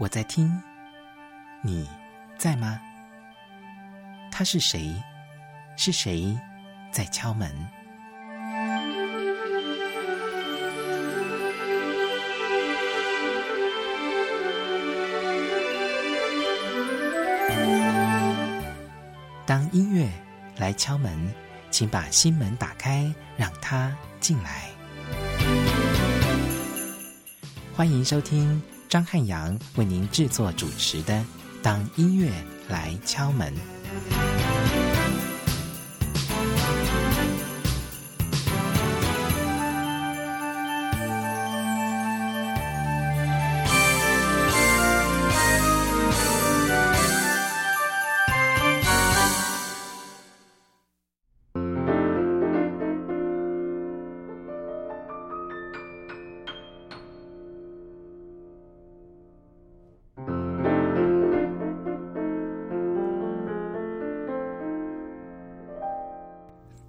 我在聽，你在嗎？他是誰？是誰在敲門？當音樂來敲門，請把心門打開，讓它進來。歡迎收聽。張漢陽為您製作主持的《當音樂來敲門》。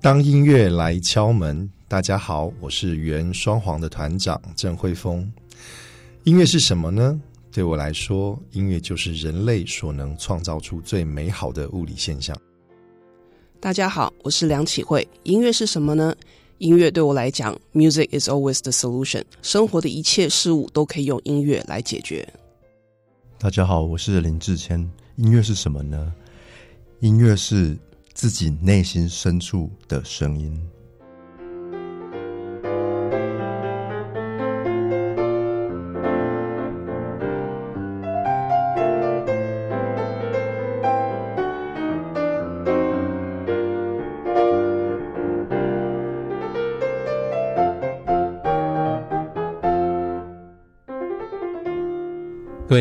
當音樂來敲門，大家好，我是原雙簧的團長鄭慧豐。音樂是什麼呢？對我來說，音樂就是人類所能創造出最美好的物理現象。大家好，我是梁啟慧。音樂是什麼呢？音樂對我來講，music is always the solution。生活的一切事物都可以用音樂來解決。大家好，我是林志謙。音樂是什麼呢？音樂是。自己內心深處的聲音。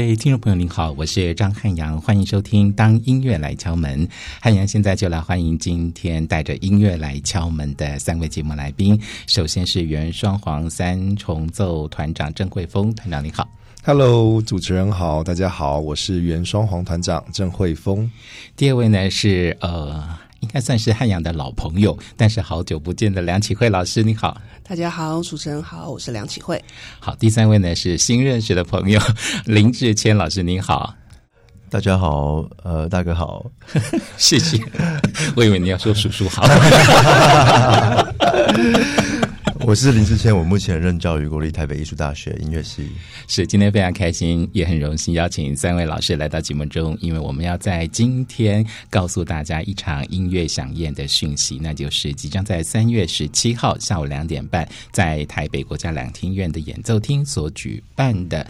各位聽眾朋友，您好，我是張漢陽，歡迎收聽《當音樂來敲門》。漢陽現在就來歡迎今天帶着音樂來敲門的三位節目來賓。首先是原雙簧三重奏團長鄭慧豐團長您好。你好，Hello，主持人好，大家好，我是原雙簧團長鄭慧豐。第二位呢是呃。應該算是漢陽的老朋友，但是好久不見的梁啟慧老師，你好，大家好，主持人好，我是梁啟慧。好，第三位呢是新認識的朋友林志謙老師，您好，大家好，呃，大哥好，謝謝， 我以為你要說叔叔好。 我是林志謙，我目前任教於國立台北藝術大學音樂系。是，今天非常開心，也很榮幸邀請三位老師來到節目中，因為我們要在今天告訴大家一場音樂饗宴的訊息，那就是即將在三月十七號下午兩點半，在台北國家兩廳院的演奏廳所舉辦的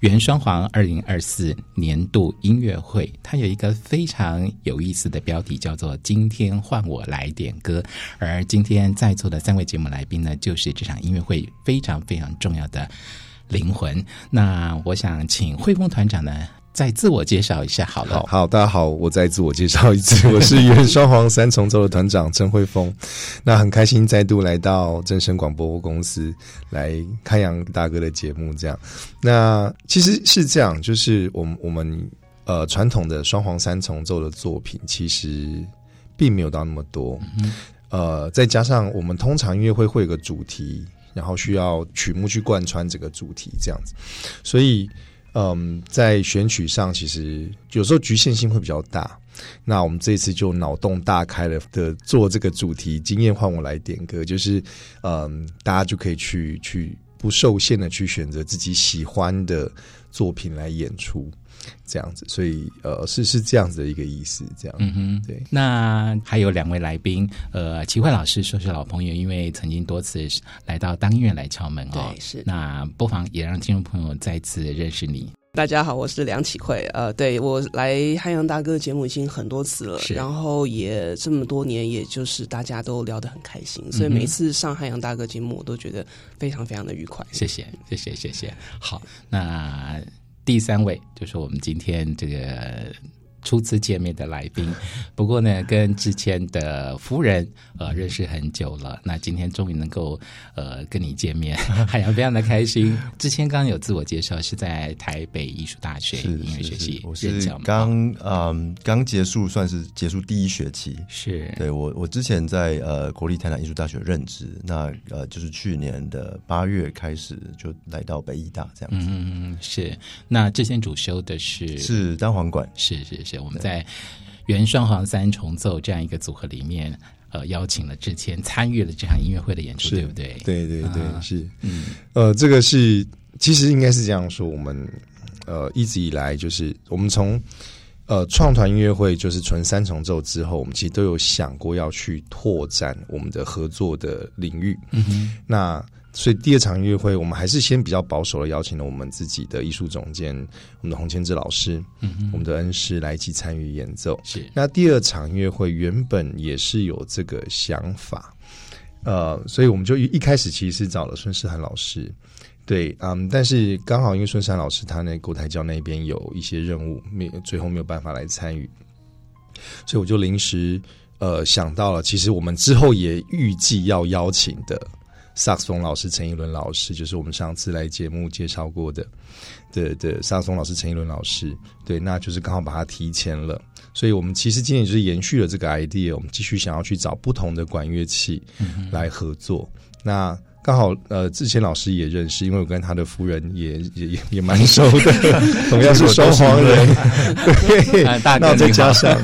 原雙簧二零二四年度音樂會。它有一個非常有意思的標題，叫做“今天換我來點歌”。而今天在座的三位節目來賓呢，就是。是這場音樂會非常非常重要的靈魂。那我想請慧豐團長呢，再自我介紹一下。好了、哦，好，大家好，我再自我介紹一次， 我是原雙簧三重奏的團長鄭慧豐。那很開心再度來到正聲廣播公司來看楊大哥的節目。這樣，那其實是這樣，就是我們我們呃傳統的雙簧三重奏的作品，其實並沒有到那麼多。嗯呃，再加上我們通常音樂會會有個主題，然後需要曲目去貫穿這個主題這樣子，所以，嗯、呃，在選曲上其實有時候局限性會比較大。那我們這次就腦洞大開了的做這個主題，今天換我來點歌，就是，嗯、呃，大家就可以去去不受限的去選擇自己喜歡的作品來演出。這樣子，所以呃，是是這樣子的一個意思，這樣。嗯哼，對。那還有兩位來賓，呃，啟慧老師說是老朋友，因為曾經多次來到當院來敲門哦，對，是。那不妨也讓聽眾朋友再次認識你。大家好，我是梁啟慧，呃，對我來漢陽大哥節目已經很多次了，是然後也這麼多年，也就是大家都聊得很開心，所以每一次上漢陽大哥節目我都覺得非常非常的愉快。謝謝、嗯哼，謝謝，謝謝。好，那。第三位就是我們今天這個。初次見面的來賓，不過呢，跟志謙的夫人呃認識很久了，那今天終於能夠呃跟你見面，還要非常的開心。志謙剛有自我介紹，是在台北藝術大學音樂學系。我是剛嗯、呃、剛結束，算是結束第一學期，是。對，我我之前在呃國立台南藝術大學任職，那呃就是去年的八月開始就來到北藝大這樣子，嗯是。那志謙主修的是是單簧管，是是是。我們在原雙簧三重奏這樣一個組合裡面，呃，邀請了之前參與了這場音樂會的演出，對不對？對對對，啊、是。嗯，呃，這個是其實應該是這樣說，我們呃一直以來就是我們從呃創團音樂會就是純三重奏之後，我們其實都有想過要去拓展我們的合作的領域。嗯哼，那。所以第二場音樂會，我們還是先比較保守的邀請了我們自己的藝術總監，我們的洪千志老師，嗯、哼我們的恩師來一起參與演奏。是。那第二場音樂會原本也是有這個想法，呃，所以我們就一開始其實是找了孫世涵老師，對，嗯，但是剛好因為孫世涵老師他那國台教那邊有一些任務，沒最後沒有辦法來參與，所以我就臨時呃想到了，其實我們之後也預計要邀請的。薩松老師、陳一倫老師，就是我們上次來節目介紹過的，對對，薩松老師、陳一倫老師，對，那就是剛好把它提前了，所以我們其實今年就是延續了這個 idea，我們繼續想要去找不同的管樂器來合作，嗯、哼那。剛好，呃，志謙老師也認識，因為我跟他的夫人也也也也蠻熟的， 同樣是雙簧人，都對，那再加上，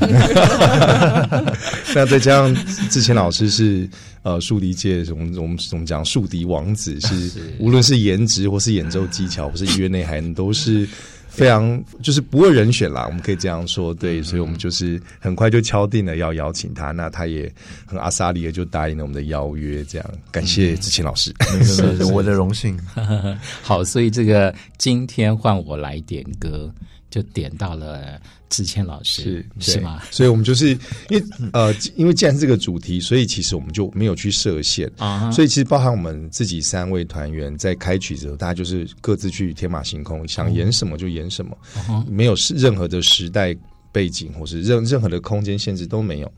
那再加上，志謙老師是呃豎笛界，我們我們總講豎笛王子，是，是無論是顏值，或是演奏技巧，或是音樂內涵，都是。 非常就是不二人選啦，我們可以這樣說，對，嗯、所以我們就是很快就敲定了要邀請他，那他也很阿薩利的就答應了我們的邀約，這樣感謝志謙老師、嗯，我的榮幸。 好，所以這個今天換我來點歌。就點到了志謙老師，是是嗎？所以我們就是因為呃，因為既然是這個主題，所以其實我們就沒有去設限，所以其實包含我們自己三位團員在開曲的時候，大家就是各自去天馬行空，想演什麼就演什麼，沒有是任何的時代背景或是任任何的空間限制都沒有，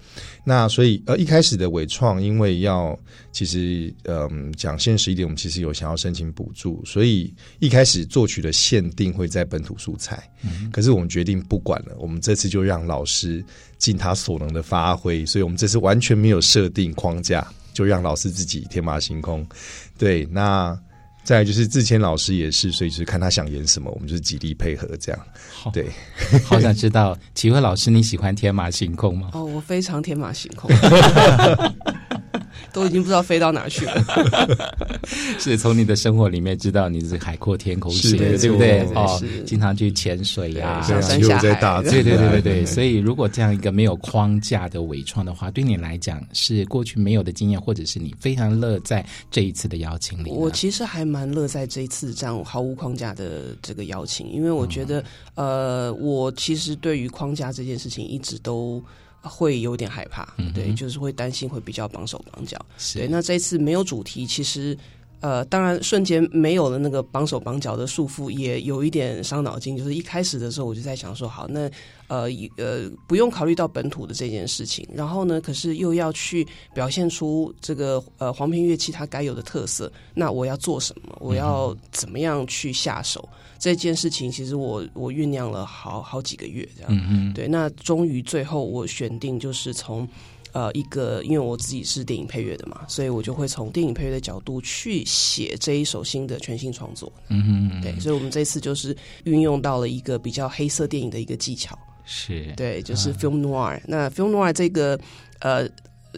那所以呃，一開始的委創因為要其實嗯，講現實一點，我們其實有想要申請補助，所以一開始作曲的限定會在本土素材，嗯、哼可是我們決定不管了，我們這次就讓老師盡他所能的發揮，所以我們這次完全沒有設定框架，就讓老師自己天馬行空，對那。再來就是志謙老師也是，所以就是看他想演什麼，我們就是極力配合這樣。好對，好想知道啟慧 老師你喜歡天馬行空嗎？哦，我非常天馬行空。 都已經不知道飛到哪去了，啊、 是從你的生活裡面知道你是海闊天空型的，對不對？哦，經常去潛水，啊、呀，上山下海，對，呀對，對對對對對。所以，如果這樣一個沒有框架的委創的話， 對你來講是過去沒有的經驗，或者是你非常樂在這一次的邀請裡？我其實還蠻樂在這一次 titles, 這樣毫無框架的這個邀請，因為我覺得，嗯、呃，我其實對於框架這件事情一直都。會有點害怕，嗯、哼對，就是會擔心，會比較綁手綁腳。是對，那這一次沒有主題，其實。呃，當然，瞬間沒有了那個綁手綁腳的束縛，也有一點傷腦筋。就是一開始的時候，我就在想說，好，那呃，呃，不用考慮到本土的這件事情，然後呢，可是又要去表現出這個呃簧片樂器它該有的特色。那我要做什麼？我要怎麼樣去下手？嗯、哼這件事情其實我我醞釀了好好幾個月，這樣、嗯、哼對。那終於最後我選定，就是從。呃，一個因為我自己是電影配樂的嘛，所以我就會從電影配樂的角度去寫這一首新的全新創作。嗯哼嗯哼。對，所以我們這次就是運用到了一個比較黑色電影的一個技巧。是。對，就是 film noir，嗯。那 film noir 這個呃，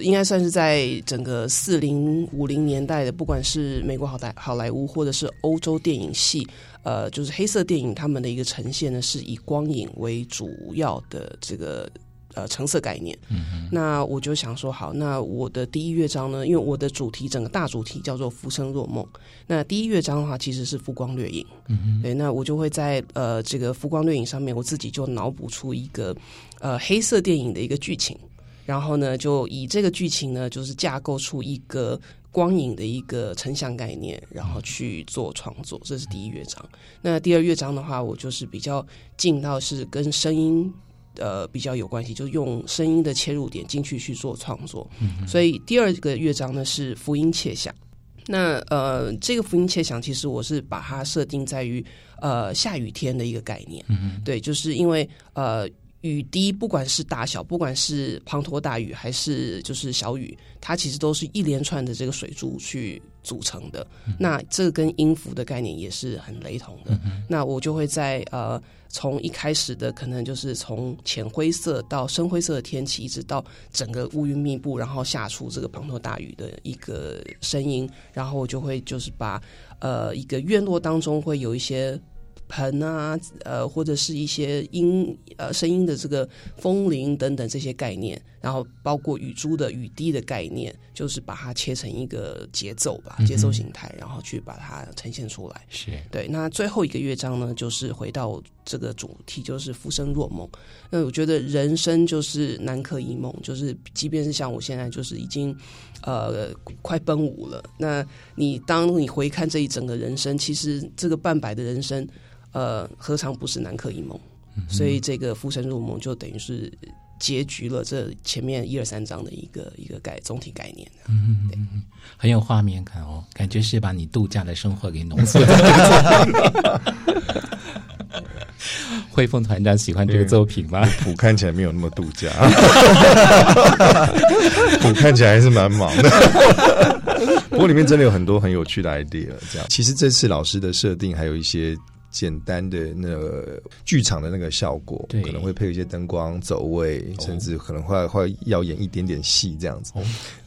應該算是在整個四零五零年代的，不管是美國好萊好萊塢或者是歐洲電影系，呃，就是黑色電影他們的一個呈現呢，是以光影為主要的這個。呃，橙色概念。嗯哼，那我就想說，好，那我的第一樂章呢，因為我的主題整個大主題叫做“浮生若夢”。那第一樂章的話，其實是“浮光掠影”嗯哼。對，那我就會在呃這個“浮光掠影”上面，我自己就腦補出一個呃黑色電影的一個劇情，然後呢，就以這個劇情呢，就是架構出一個光影的一個成像概念，然後去做創作。這是第一樂章。嗯、哼那第二樂章的話，我就是比較近到是跟聲音呃，比較有關係，就用聲音的切入點進去去做創作，嗯、哼所以第二個樂章呢是福音切響。那呃，這個福音切響，其實我是把它設定在於呃下雨天的一個概念，嗯嗯哼，對，就是因為呃。雨滴不管是大小，不管是滂沱大雨還是就是小雨，它其實都是一連串的這個水珠去組成的。嗯、那這跟音符的概念也是很雷同的。嗯、哼那我就會在呃，從一開始的可能就是從淺灰色到深灰色的天氣，一直到整個烏雲密布，然後下出這個滂沱大雨的一個聲音，然後我就會就是把呃一個院落當中會有一些。盆啊，呃，或者是一些音，呃，聲音的這個風鈴等等這些概念，然後包括雨珠的雨滴的概念，就是把它切成一個節奏吧，節奏形態，嗯哼，然後去把它呈現出來。是，對。那最後一個樂章呢，就是回到。這個主題就是浮生若夢。那我覺得人生就是南柯一夢，就是即便是像我現在就是已經呃快奔五了，那你當你回看這一整個人生，其實這個半百的人生，呃，何嘗不是南柯一夢？嗯、哼所以這個浮生若夢就等於是結局了，這前面一二三章的一個一個概總體概念。嗯嗯對很有畫面感哦，感覺是把你度假的生活給濃縮了。 慧豐，嗯、團長喜歡這個作品嗎？譜、嗯、看起來沒有那麼度假，譜 看起來還是蠻忙的。 不過裡面真的有很多很有趣的 idea。這樣，其實這次老師的設定還有一些簡單的那個劇場的那個效果，對可能會配一些燈光、走位，哦、甚至可能會會要演一點點戲這樣子。哦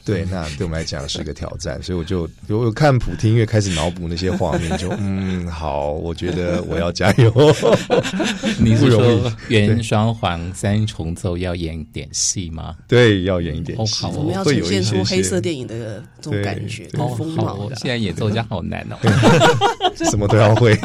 對，那對我們來講是一個挑戰， 所以我就有看普聽音樂，開始腦補那些畫面，就嗯，好，我覺得我要加油、哦。 你是說原雙簧三重奏要演點戲嗎？對，要演一點戲、嗯。哦，好哦，我們要重現一些些黑色電影的這種感覺，瘋狂。哦、好好現在演奏家好難哦，對 什麼都要會。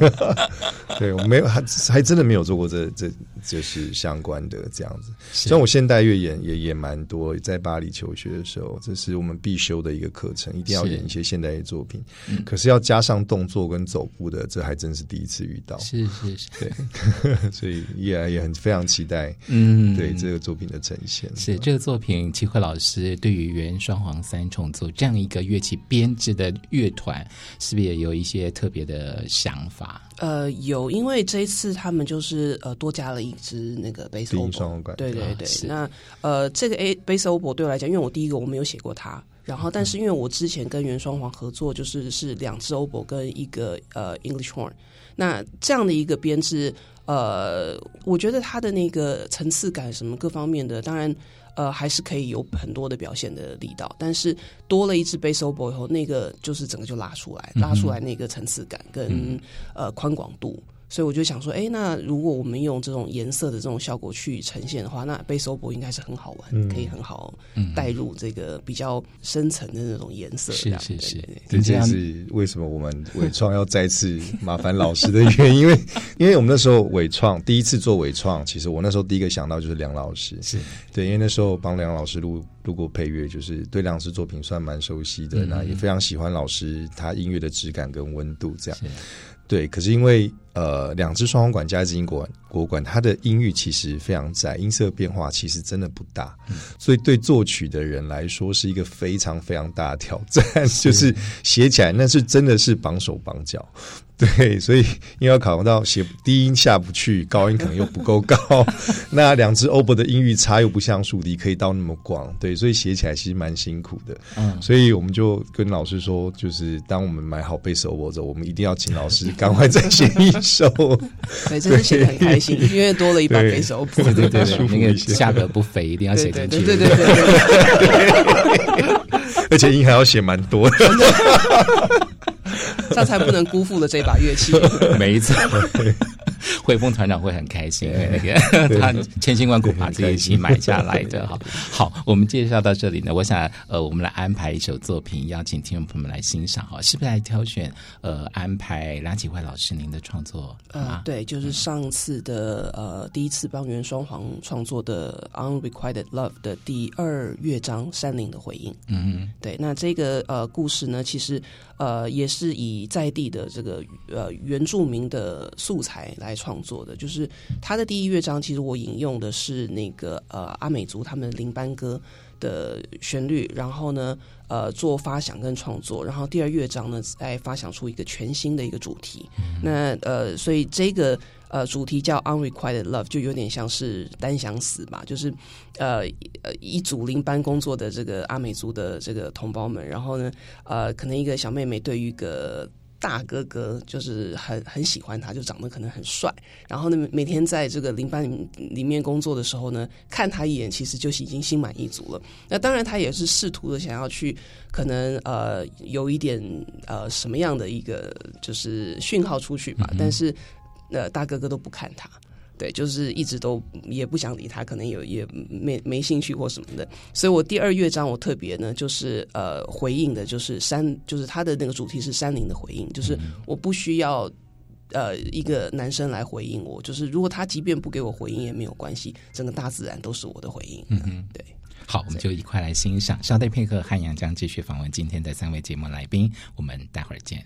對我沒有，還還真的沒有做過這這。就是相關的這樣子，所以，我現代樂演也也蠻多。在巴黎求學的時候，這是我們必修的一個課程，一定要演一些現代的作品。是嗯、可是要加上動作跟走步的，這還真是第一次遇到。是是是，對， 所以然也，也很非常期待。嗯，對這個作品的呈現。是這個作品，齊慧老師對於原雙簧三重奏這樣一個樂器編制的樂團，是不是也有一些特別的想法？呃，有，因為這一次他們就是呃多加了一支那個 bass oboe，對對對。啊、那呃，這個 a bass oboe 對我來講，因為我第一個我沒有寫過它，然後但是因為我之前跟原雙簧合作，就是，嗯、就是是兩隻 oboe 跟一個呃 English horn，那這樣的一個編制，呃，我覺得它的那個層次感什麼各方面的，當然。呃，還是可以有很多的表現的力道，但是多了一支 bass oboe 以後，那個就是整個就拉出來，拉出來那個層次感跟、嗯、哼呃寬廣度。所以我就想說，哎、欸，那如果我們用這種顏色的這種效果去呈現的話，那 Bass Oboe 應該是很好玩，嗯、可以很好帶入這個比較深層的那種顏色這樣。是啊，是啊。這就是為什麼我們委創要再次麻煩老師的原因， 因為因為我們那時候委創第一次做委創，其實我那時候第一個想到就是梁老師，是對，因為那時候幫梁老師錄錄過配樂，就是對梁老師作品算蠻熟悉的，嗯嗯，那也非常喜歡老師他音樂的質感跟溫度這樣。對，可是因為呃，兩隻雙簧管加一隻英國國管，它的音域其實非常窄，音色變化其實真的不大，嗯、所以對作曲的人來說是一個非常非常大的挑戰，是的就是寫起來那是真的是綁手綁腳。對，所以因為要考慮到寫低音下不去，高音可能又不夠高， 那兩只歐博的音域差又不像豎笛可以到那麼廣。對，所以寫起來其實蠻辛苦的。嗯，所以我們就跟老師說，就是當我們買好貝斯歐博之後，我們一定要請老師趕快再寫一首。 對，真的寫得很開心，對因為多了一把貝斯歐博，對對對對，那個價格不菲，一定要寫進去。對對對對對，而且音還要寫蠻多的。 他才不能辜負了這把樂器，沒錯。慧豐團長會很開心，因為那個對 他千辛萬苦把自己一起對買下來的哈。好，我們介紹到這裡呢，我想呃，我們來安排一首作品，邀請聽眾朋友們來欣賞哈。是不是來挑選呃安排？梁啟慧老師您的創作？嗯、啊呃，對，就是上次的呃第一次幫原雙簧創作的《Unrequited Love》的第二樂章《山林的回應》嗯哼。嗯，對，那這個呃故事呢，其實呃也是以在地的這個呃原住民的素材來。創作的，就是他的第一樂章，其實我引用的是那個呃阿美族他們林班歌的旋律，然後呢呃做發想跟創作，然後第二樂章呢再發想出一個全新的一個主題，嗯、那呃所以這個呃主題叫 Unrequited Love，就有點像是單相思吧，就是呃呃一組林班工作的這個阿美族的這個同胞們，然後呢呃可能一個小妹妹對於一個。大哥哥就是很很喜歡他，就長得可能很帥，然後呢，每天在這個領班裡面工作的時候呢，看他一眼其實就已經心滿意足了。那當然，他也是試圖的想要去，可能呃有一點呃什麼樣的一個就是訊號出去吧，嗯哼。但是呃大哥哥都不看他。對，就是一直都也不想理他，可能也也沒沒興趣或什麼的。所以我第二樂章我特別呢，就是呃回應的，就是山，就是他的那個主題是山林的回應，就是我不需要呃一個男生來回應我，就是如果他即便不給我回應也沒有關係，整個大自然都是我的回應。嗯嗯哼，對。好，以我們就一塊來欣賞。稍待片刻，漢陽將繼續訪問今天的三位節目來賓，我們待會兒見。